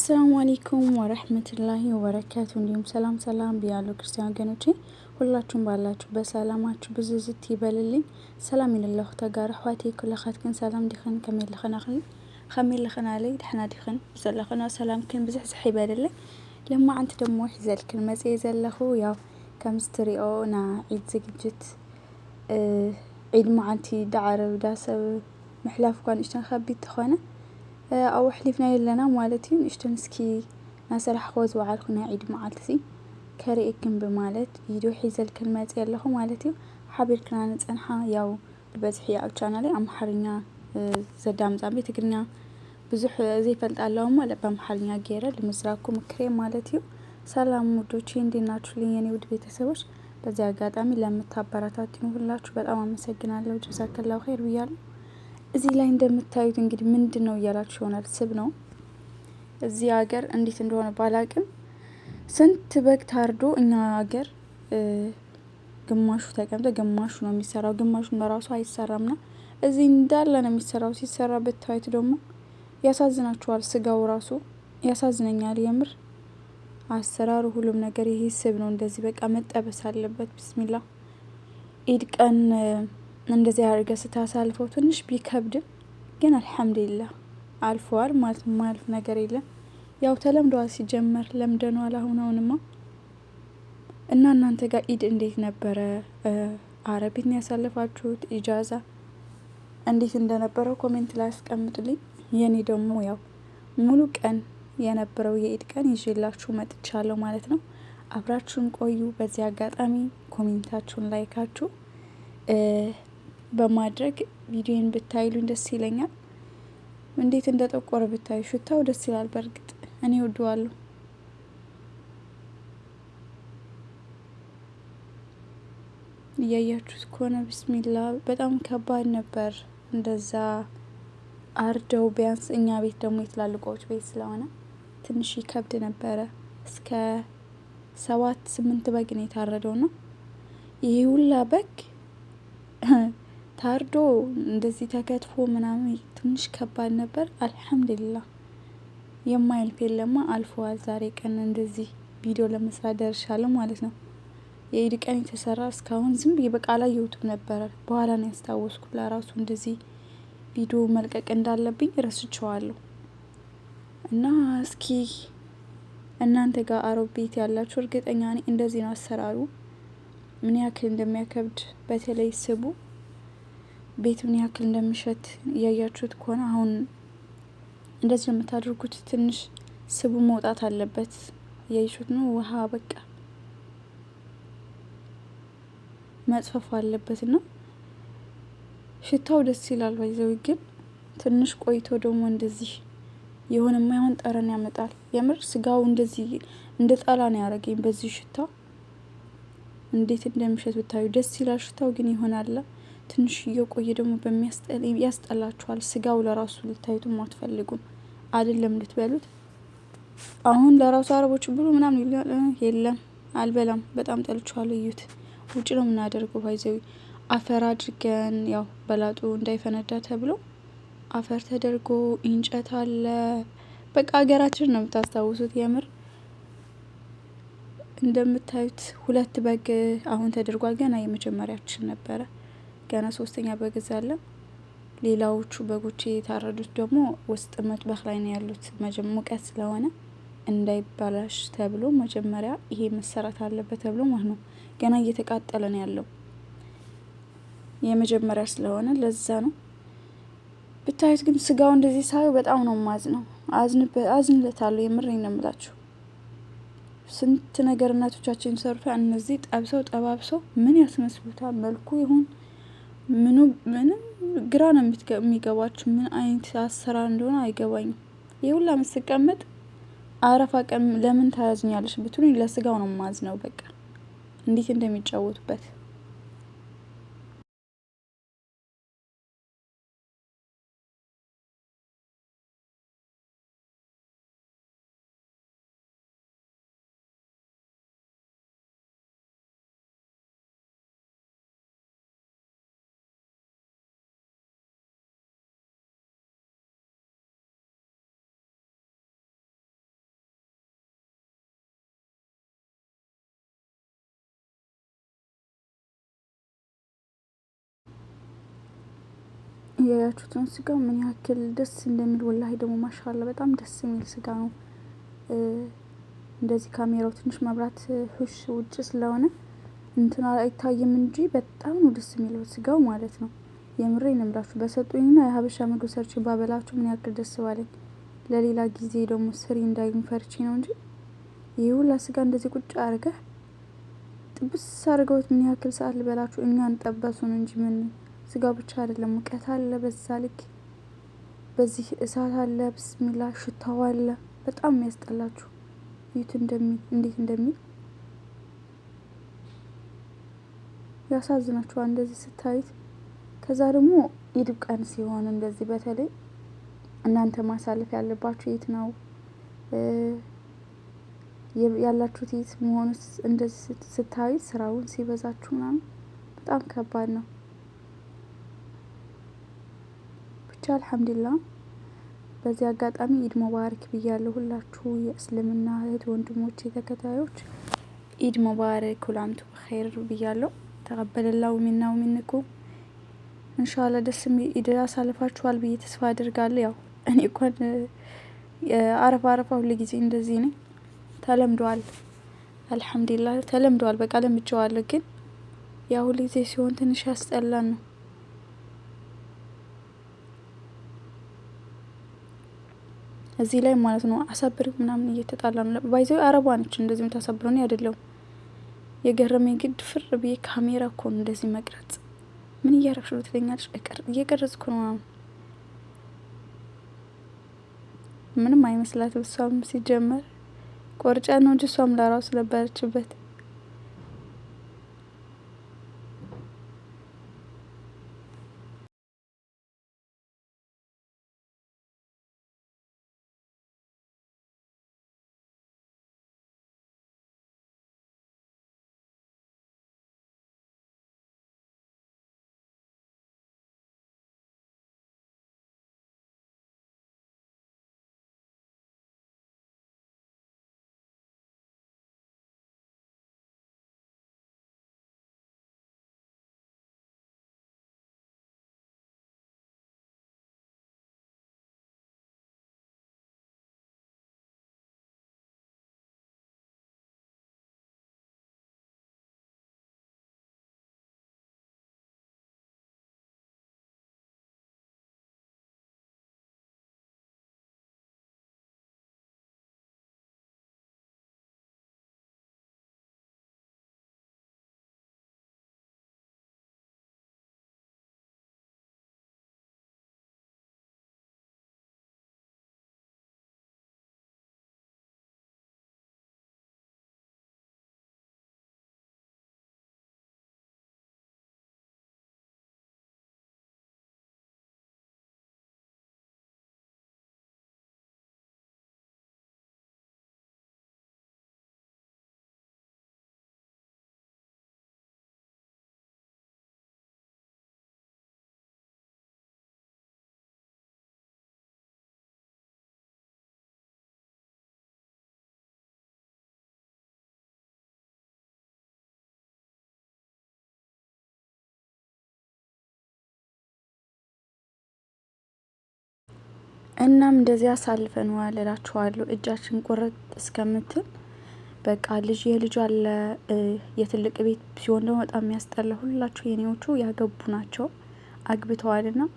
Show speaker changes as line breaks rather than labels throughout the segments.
አሰላሙ አሌይኩም ወረህመቱላሂ ወበረካቱ። እንዲሁም ሰላም ሰላም ብያሉ ክርስቲያን ወገኖቼ ሁላችሁም ባላችሁበት ሰላማችሁ ብዙ ዝት ይበልልኝ። ሰላም ይንለኹ ተጋር ኣሕዋተይ ኩላኻትክን ሰላም ዲኽን ከመይ ልኽን ኣኽሊ ከመይ ልኽን ኣለይ ድሕና ዲኽን ብዙሕ ዝሕ ይበልልይ ልማዓንቲ ደሞ ሒዘልክን መፅየ ዘለኹ ያው ከምዚ ና ዒድ ዝግጅት ዒድ መዓንቲ ዳዓረብ ዳሰብ ምሕላፍ እኳ ንእሽተን ከቢድ ትኾነ ኣብኡ ኣሕሊፍና የለና ማለት እዩ ንእሽቶን እስኪ ናሰራሕክዎ ዝባዓልኩ ናይ ዒድ መዓልቲ ከርእየክን ብማለት ቪድዮ ሒዘልክን መፅ ኣለኹ ማለት እዩ ሓቢርክና ንፀንሓ ያው ብበዝሒ ኣብ ቻናለይ ኣምሓርኛ ዘዳምፃ ቤ ትግርኛ ብዙሕ ዘይፈልጥ ኣለዎ እሞ በኣምሓርኛ ገይረ ንምስራኩም ምክሬ ማለት እዩ። ሰላም ውዶቼ እንዴናችሁልኝ የኔ ውድ ቤተሰቦች፣ በዚህ አጋጣሚ ለምታበረታቱኝ ሁላችሁ በጣም አመሰግናለሁ። ጀዛከላሁ ኸይር ብያለሁ። እዚህ ላይ እንደምታዩት እንግዲህ ምንድን ነው እያላችሁ ይሆናል። ስብ ነው። እዚህ ሀገር እንዴት እንደሆነ ባላቅም ስንት በግ ታርዶ እኛ ሀገር ግማሹ ተቀምጠ ግማሹ ነው የሚሰራው፣ ግማሹ በራሱ ና እዚህ እንዳለ ነው የሚሰራው። ሲሰራ ብታዩት ደግሞ ያሳዝናችኋል። ስጋው ራሱ ያሳዝነኛል የምር አሰራሩ፣ ሁሉም ነገር ይሄ ስብ ነው። እንደዚህ በቃ መጠበስ አለበት። ቢስሚላ ኢድ ቀን እንደዚያ አድርገ ስታሳልፈው ትንሽ ቢከብድም ግን አልሐምዱሊላህ አልፈዋል ማለት ማለፍ ነገር የለም። ያው ተለምደዋል ሲጀመር ለምደኗል አሁን አሁንማ እና እናንተ ጋር ኢድ እንዴት ነበረ? አረቢን ያሳለፋችሁት ኢጃዛ እንዴት እንደነበረው ኮሜንት ላይ አስቀምጡልኝ። የኔ ደግሞ ያው ሙሉ ቀን የነበረው የኢድ ቀን ይዤላችሁ መጥቻለሁ ማለት ነው። አብራችሁን ቆዩ። በዚህ አጋጣሚ ኮሜንታችሁን ላይካችሁ በማድረግ ቪዲዮን ብታይሉኝ ደስ ይለኛል። እንዴት እንደጠቆረ ብታዩ፣ ሽታው ደስ ይላል። በእርግጥ እኔ ወደዋለሁ። እያያችሁት ከሆነ ብስሚላ በጣም ከባድ ነበር። እንደዛ አርደው ቢያንስ እኛ ቤት ደግሞ የትላልቆች ቤት ስለሆነ ትንሽ ይከብድ ነበረ። እስከ ሰባት ስምንት በግ ነው የታረደው ነው ይሄ ሁላ በግ ታርዶ እንደዚህ ተከትፎ ምናምን ትንሽ ከባድ ነበር። አልሐምዱሊላ የማይልፍ የለማ አልፈዋል። ዛሬ ቀን እንደዚህ ቪዲዮ ለመስራት ደርሻለሁ ማለት ነው። የኢድ ቀን የተሰራ እስካሁን ዝም ብዬ በቃ አላየሁትም ነበረ። በኋላ ነው ያስታወስኩ ለራሱ እንደዚህ ቪዲዮ መልቀቅ እንዳለብኝ ረስቸዋለሁ። እና እስኪ እናንተ ጋር አረብ ቤት ያላችሁ እርግጠኛ ነኝ እንደዚህ ነው አሰራሩ ምን ያክል እንደሚያከብድ በተለይ ስቡ ቤት ምን ያክል እንደሚሸት እያያችሁት ከሆነ አሁን እንደዚህ የምታደርጉት ትንሽ ስቡ መውጣት አለበት። እያያችሁት ነው። ውሃ በቃ መጽፈፉ አለበት ነው። ሽታው ደስ ይላል። ባይዘው ግን ትንሽ ቆይቶ ደግሞ እንደዚህ የሆነ የማይሆን ጠረን ያመጣል። የምር ስጋው እንደዚህ እንደ ጣላ ነው ያደረገኝ። በዚህ ሽታ እንዴት እንደሚሸት ብታዩ ደስ ይላል። ሽታው ግን ይሆናል ትንሽ እየቆየ ደግሞ ያስጠላችኋል። ስጋው ለራሱ ልታዩትም አትፈልጉም። አይደለም ልትበሉት አሁን ለራሱ አረቦች ብሎ ምናምን የለም አልበላም፣ በጣም ጠልቼዋለሁ። እዩት፣ ውጭ ነው የምናደርገው። ባይዘዊ አፈር አድርገን ያው በላጡ እንዳይፈነዳ ተብሎ አፈር ተደርጎ እንጨት አለ። በቃ ሀገራችን ነው የምታስታውሱት። የምር እንደምታዩት ሁለት በግ አሁን ተደርጓል። ገና የመጀመሪያችን ነበረ። ገና ሶስተኛ በግ አለ። ሌላዎቹ በጎች የታረዱት ደግሞ ውስጥ መጥበህ ላይ ነው ያሉት። ሙቀት ስለሆነ እንዳይባላሽ ተብሎ መጀመሪያ ይሄ መሰራት አለበት ተብሎ ማለት ነው። ገና እየተቃጠለ ነው ያለው የመጀመሪያ ስለሆነ ለዛ ነው። ብታዩት ግን ስጋው እንደዚህ ሳዩ በጣም ነው ነው አዝንለታለሁ። የምሬኝ ነው የምላችሁ። ስንት ነገር እናቶቻችን ሰርቷ እነዚህ ጠብሰው ጠባብሰው ምን ያስመስሉታል መልኩ ይሁን ምኑ ምንም ግራ ነው የሚገባችሁ። ምን አይነት አሰራር እንደሆነ አይገባኝም። ይህ ሁላ ምስቀመጥ አረፋ ቀን ለምን ታያዝኛለች ብትሉኝ ለስጋው ነው ማዝ ነው። በቃ እንዴት እንደሚጫወቱበት ያያችሁትን ስጋ ምን ያክል ደስ እንደሚል ወላሂ ደግሞ ማሻላ በጣም ደስ የሚል ስጋ ነው። እንደዚህ ካሜራው ትንሽ መብራት ሁሽ ውጭ ስለሆነ እንትን አይታይም እንጂ በጣም ነው ደስ የሚለው ስጋው ማለት ነው። የምሬ ነምላችሁ በሰጡኝና የሀበሻ ምግብ ሰርች ባበላችሁ ምን ያክል ደስ ባለኝ። ለሌላ ጊዜ ደግሞ ስሪ እንዳይም ፈርቼ ነው እንጂ ይህ ሁላ ስጋ እንደዚህ ቁጭ አርገህ ጥብስ አድርገውት ምን ያክል ሰዓት ልበላችሁ እኛ ጠበሱን እንጂ ምን ስጋ ብቻ አይደለም፣ ሙቀት አለ፣ በዛ ልክ በዚህ እሳት አለ። ብስሚላ ሽታው አለ። በጣም የሚያስጠላችሁ እዩት እንዴት እንደሚል ያሳዝናችኋል እንደዚህ ስታዩት። ከዛ ደግሞ ኢድ ቀን ሲሆን እንደዚህ በተለይ እናንተ ማሳለፍ ያለባችሁ የት ነው ያላችሁት? የት መሆኑ እንደዚህ ስታዩት ስራውን ሲበዛችሁ ምናምን በጣም ከባድ ነው። ብቻ አልሐምዱላ። በዚህ አጋጣሚ ኢድ ሙባረክ ብያለሁ። ሁላችሁ የእስልምና እህት ወንድሞች የተከታዮች ኢድ ሙባረክ ሁላምቱ ኸይር ብያለሁ። ተቀበለላው ሚናው ሚንኩ እንሻላ ደስ የሚል ኢድ አሳልፋችኋል ብዬ ተስፋ አድርጋለሁ። ያው እኔ እንኳን አረፋ አረፋ ሁሉ ጊዜ እንደዚህ ነኝ። ተለምዷል፣ አልሐምዱላ ተለምዷል። በቃ ለምጨዋለሁ ግን ያው ሁሉ ጊዜ ሲሆን ትንሽ ያስጠላን ነው። እዚህ ላይ ማለት ነው አሳብር ምናምን እየተጣላ ነው ባይዘ አረቧ ነች እንደዚህ የምታሳብረ አይደለም። የገረመኝ ግድ ፍር ብዬ ካሜራ እኮ ነው እንደዚህ መቅረጽ ምን እያረግሽ ነው ትለኛለች። እየቀረጽኩ ነው ምንም አይመስላትም እሷም ሲጀመር ቆርጫ ነው እንጂ እሷም ለራሱ ነበረችበት። እናም እንደዚያ አሳልፈን ዋል እላችኋለሁ። እጃችን ቁርጥ እስከምትል በቃ ልጅ የልጅ አለ። የትልቅ ቤት ሲሆን ደግሞ በጣም የሚያስጠላ። ሁላችሁ የኔዎቹ ያገቡ ናቸው አግብተዋል ና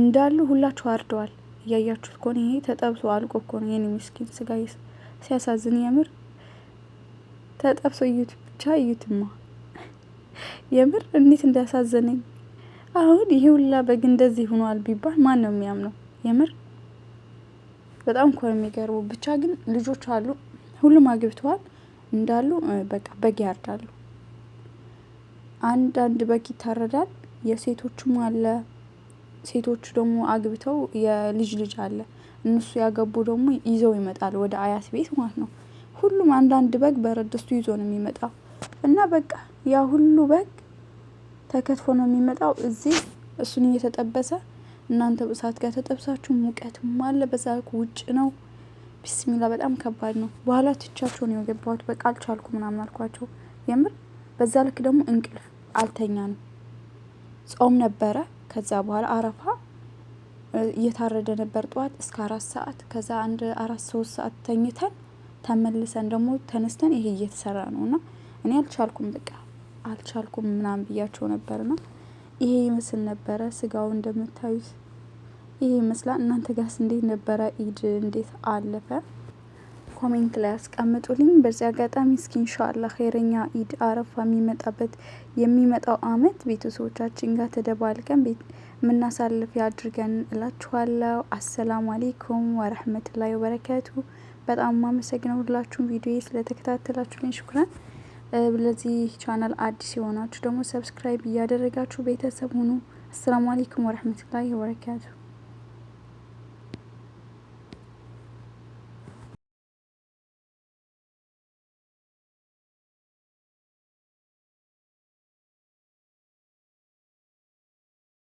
እንዳሉ ሁላችሁ አርደዋል። እያያችሁት ከሆነ ይሄ ተጠብሶ አልቆ እኮ ነው የኔ ምስኪን ስጋ ሲያሳዝን፣ የምር ተጠብሶ እዩት ብቻ እዩትማ። የምር እንዴት እንዳያሳዘነኝ አሁን ይሄ ሁላ በግ እንደዚህ ሆኗል ቢባል ማን ነው የሚያምነው? የምር በጣም እኮ ነው የሚገርቡ። ብቻ ግን ልጆች አሉ፣ ሁሉም አግብተዋል እንዳሉ በቃ በግ ያርዳሉ። አንዳንድ በግ ይታረዳል። የሴቶችም አለ። ሴቶቹ ደግሞ አግብተው የልጅ ልጅ አለ። እነሱ ያገቡ ደግሞ ይዘው ይመጣል ወደ አያት ቤት ማለት ነው። ሁሉም አንዳንድ በግ በረድስቱ ይዞ ነው የሚመጣው እና በቃ ያ ሁሉ በግ ተከትፎ ነው የሚመጣው እዚህ እሱን እየተጠበሰ እናንተ በሰዓት ጋር ተጠብሳችሁ ሙቀት ማለ በዛ ውጭ ነው። ቢስሚላ በጣም ከባድ ነው። በኋላ ትቻቸው ነው የገባሁት። በቃ አልቻልኩ ምናምን አልኳቸው። የምር በዛ ልክ ደግሞ እንቅልፍ አልተኛ ነው። ጾም ነበረ። ከዛ በኋላ አረፋ እየታረደ ነበር ጠዋት እስከ አራት ሰዓት ከዛ አንድ አራት ሶስት ሰዓት ተኝተን ተመልሰን ደግሞ ተነስተን ይሄ እየተሰራ ነው እና እኔ አልቻልኩም፣ በቃ አልቻልኩም ምናምን ብያቸው ነበር። ና ይሄ ይመስል ነበረ ስጋው እንደምታዩት ይህ ይመስላል። እናንተ ጋስ እንዴት ነበረ ኢድ? እንዴት አለፈ? ኮሜንት ላይ አስቀምጡልኝ በዚህ አጋጣሚ እስኪ እንሻላ ኸይረኛ ኢድ አረፋ የሚመጣበት የሚመጣው አመት ቤተሰቦቻችን ጋር ተደባልቀን ቤት የምናሳልፍ ያድርገን እላችኋለሁ። አሰላሙ አሌይኩም ወረህመቱላሂ ወበረካቱ። በጣም ማመሰግነው ሁላችሁም ቪዲዮ ስለተከታተላችሁልኝ ሽኩራን። ለዚህ ቻናል አዲስ የሆናችሁ ደግሞ ሰብስክራይብ እያደረጋችሁ ቤተሰብ ሁኑ። አሰላሙ አሌይኩም ወረህመቱላሂ ወበረካቱ።